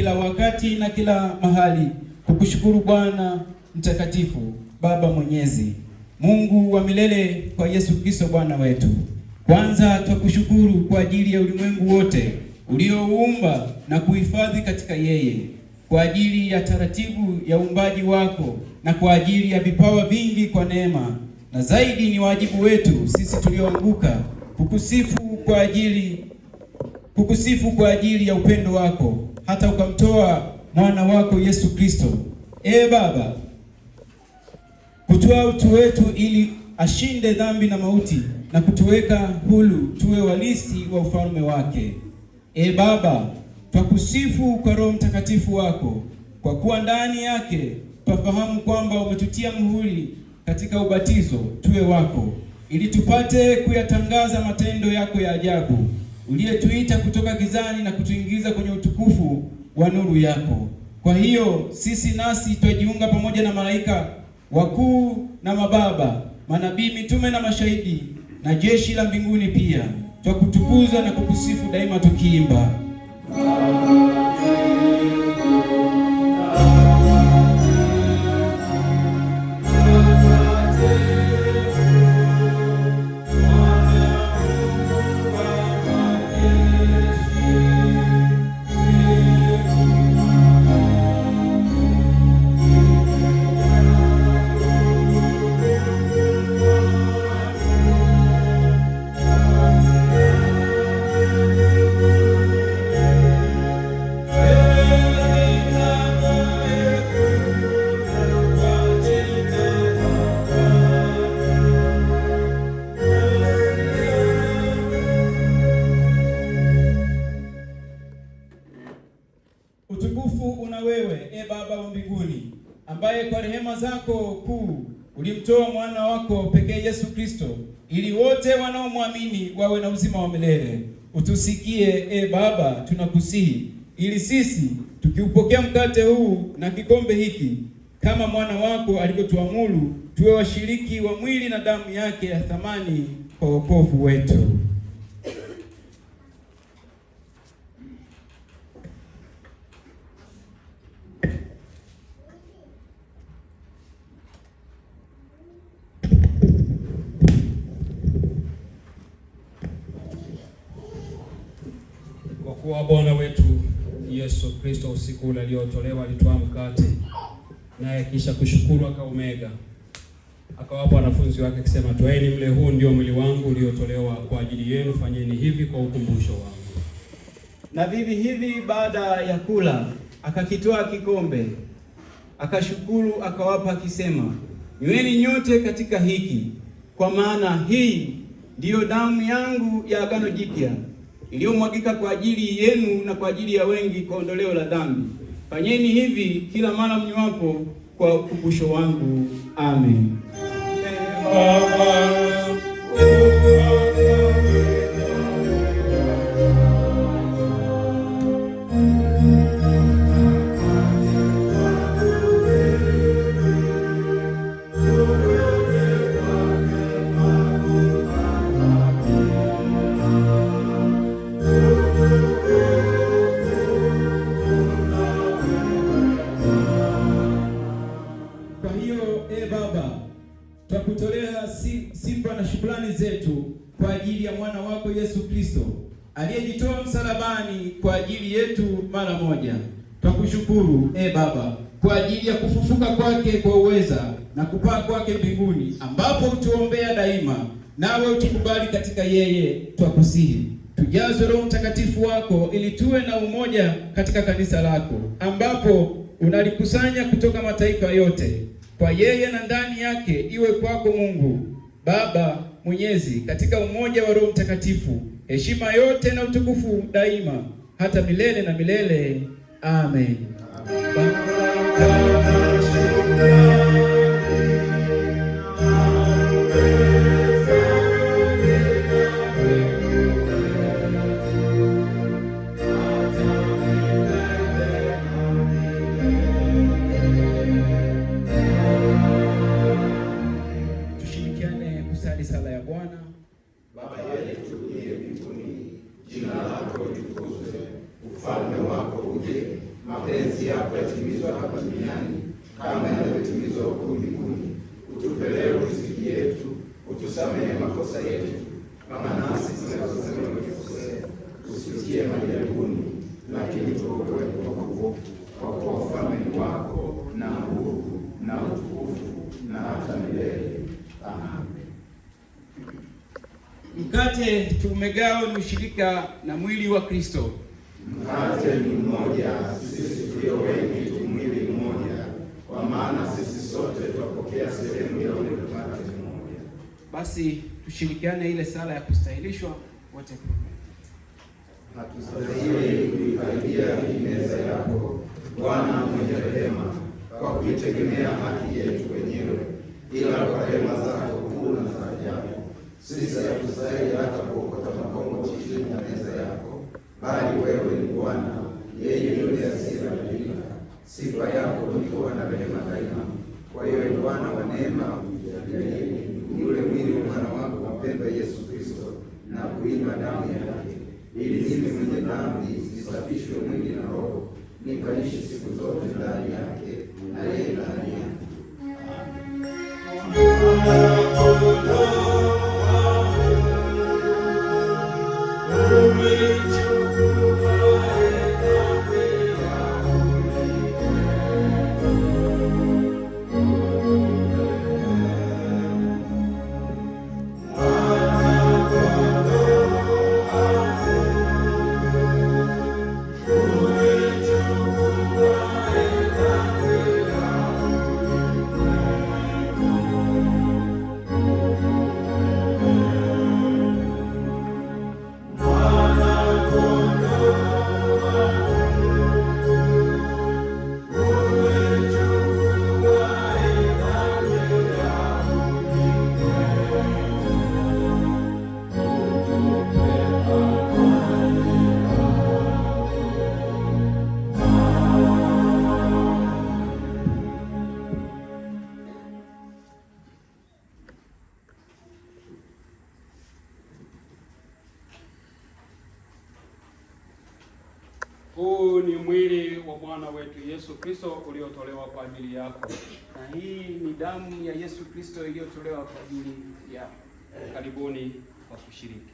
kila wakati na kila mahali kukushukuru Bwana mtakatifu, Baba mwenyezi, Mungu wa milele kwa Yesu Kristo Bwana wetu. Kwanza twakushukuru kwa ajili ya ulimwengu wote ulioumba na kuhifadhi katika yeye, kwa ajili ya taratibu ya uumbaji wako na kwa ajili ya vipawa vingi kwa neema, na zaidi ni wajibu wetu sisi tulioanguka kukusifu kwa ajili kukusifu kwa ajili ya upendo wako hata ukamtoa mwana wako Yesu Kristo. Ee Baba, kutoa utu wetu ili ashinde dhambi na mauti na kutuweka hulu tuwe walisi wa ufalme wake. Ee Baba, twakusifu kwa Roho Mtakatifu wako, kwa kuwa ndani yake twafahamu kwamba umetutia muhuri katika ubatizo tuwe wako, ili tupate kuyatangaza matendo yako ya ajabu uliyetuita kutoka gizani na kutuingiza kwenye utukufu wa nuru yako. Kwa hiyo sisi nasi twajiunga pamoja na malaika wakuu na mababa, manabii, mitume na mashahidi na jeshi la mbinguni pia, twakutukuza na kukusifu daima tukiimba utukufu una wewe, e Baba wa mbinguni, ambaye kwa rehema zako kuu ulimtoa mwana wako pekee Yesu Kristo, ili wote wanaomwamini wawe na uzima wa milele. Utusikie e Baba, tunakusihi, ili sisi tukiupokea mkate huu na kikombe hiki kama mwana wako alivyotuamuru, tuwe washiriki wa mwili na damu yake ya thamani kwa wokovu wetu. kuwa Bwana wetu Yesu Kristo usiku ule aliotolewa alitwaa mkate, naye kisha kushukuru akaumega, akawapa wanafunzi wake akisema, twaeni mle, huu ndio mwili wangu uliotolewa kwa ajili yenu, fanyeni hivi kwa ukumbusho wangu. Na vivi hivi baada ya kula, akakitoa kikombe, akashukuru, akawapa akisema, nyweni nyote katika hiki, kwa maana hii ndiyo damu yangu ya agano jipya iliyomwagika kwa ajili yenu na kwa ajili ya wengi kwa ondoleo la dhambi. Fanyeni hivi kila mara mnywapo kwa ukumbusho wangu. Amen. aliyejitoa msalabani kwa ajili yetu mara moja. Twakushukuru e Baba kwa ajili ya kufufuka kwake kwa uweza na kupaa kwake mbinguni, ambapo utuombea daima, nawe utukubali katika yeye. Twakusihi tujazwe Roho Mtakatifu wako ili tuwe na umoja katika kanisa lako, ambapo unalikusanya kutoka mataifa yote kwa yeye na ndani yake iwe kwako Mungu Baba Mwenyezi, katika umoja wa Roho Mtakatifu Heshima yote na utukufu daima hata milele na milele. Amen. mapenzi yako yatimizwe hapa duniani kama yanavyotimizwa huko mbinguni. Utupe leo riziki yetu, utusamehe makosa yetu kama nasi tunavyosamehe tukikosea, usitutie majaribuni, lakini tuokoe kutoka kuovu, kwa kuwa ufalme wako na nguvu na utukufu na hata milele. Amen. Mkate tumegao ni ushirika na mwili wa Kristo. Mkate ni mmoja sisi sio wengi tu mwili mmoja, kwa maana sisi sote twapokea sehemu ya ule mkate mmoja. Basi tushirikiane ile sala ya kustahilishwa wote hatustahili kuikaribia hii meza yako Bwana mwenye rehema, kwa kuitegemea haki yetu wenyewe, ila kwa rehema zako kuu na za ajabu, sisi hatustahili hata kuokota makongo chini ya meza yako, bali wewe ni Bwana sifa yako ulikuwa na rehema daima. Kwa hiyo Bwana wa neema, ujalie ule mwili wa mwana wako mpendwa Yesu Kristo na kuinywa damu yake, ili mimi mwenye dhambi nisafishwe mwili na roho, nikaishi siku zote ndani yake na yeye ndani yake. huu ni mwili wa Bwana wetu Yesu Kristo uliotolewa kwa ajili yako, na hii ni damu ya Yesu Kristo iliyotolewa kwa ajili yako. Karibuni kwa kushiriki.